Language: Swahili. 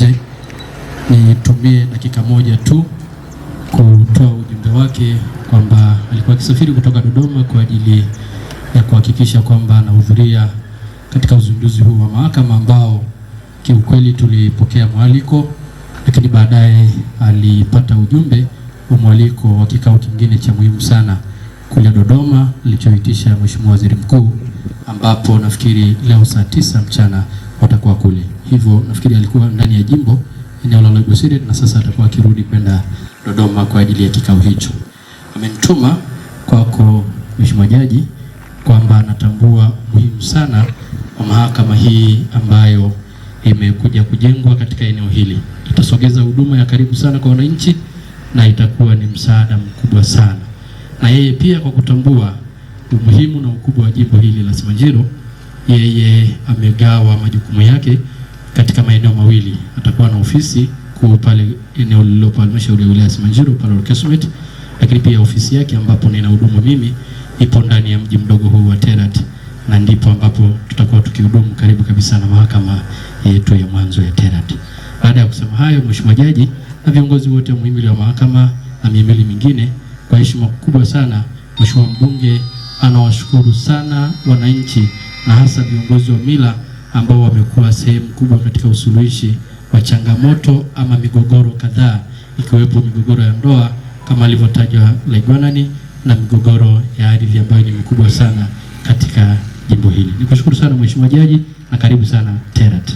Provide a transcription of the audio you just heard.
nje, nitumie dakika moja tu kutoa ujumbe wake kwamba alikuwa akisafiri kutoka Dodoma kwa ajili ya kuhakikisha kwamba anahudhuria katika uzinduzi huu wa mahakama ambao kiukweli tulipokea mwaliko, lakini baadaye alipata ujumbe wa mwaliko wa kikao kingine cha muhimu sana kule Dodoma alichoitisha Mheshimiwa Waziri Mkuu, ambapo nafikiri leo saa tisa mchana atakuwa kule. Hivyo nafikiri alikuwa ndani ya jimbo eneo la Ologosiret na sasa atakuwa akirudi kwenda Dodoma kwa ajili ya kikao hicho. Amenituma kwako Mheshimiwa Jaji kwamba anatambua muhimu sana wa mahakama hii ambayo imekuja kujengwa katika eneo hili. Itasogeza huduma ya karibu sana kwa wananchi na itakuwa ni msaada mkubwa sana, na yeye pia kwa kutambua umuhimu na ukubwa wa jimbo hili la Simanjiro yeye amegawa majukumu yake katika maeneo mawili, atakuwa na ofisi kuu pale eneo lililopo halmashauri ya wilaya Simanjiro pale Orkesumet, lakini pia ofisi yake ambapo nina hudumu mimi ipo ndani ya mji mdogo huu wa Terrat, na ndipo ambapo tutakuwa tukihudumu karibu kabisa na mahakama yetu ya mwanzo ya Terrat. Baada ya kusema hayo, mheshimiwa jaji na viongozi wote wa muhimili wa mahakama na mihimili mingine, kwa heshima kubwa sana, mheshimiwa mbunge anawashukuru sana wananchi na hasa viongozi wa mila ambao wamekuwa sehemu kubwa katika usuluhishi wa changamoto ama migogoro kadhaa ikiwepo migogoro ya ndoa kama alivyotajwa Laigwanani na migogoro ya ardhi ambayo ni mikubwa sana katika jimbo hili. Nikushukuru sana Mheshimiwa Jaji na karibu sana terat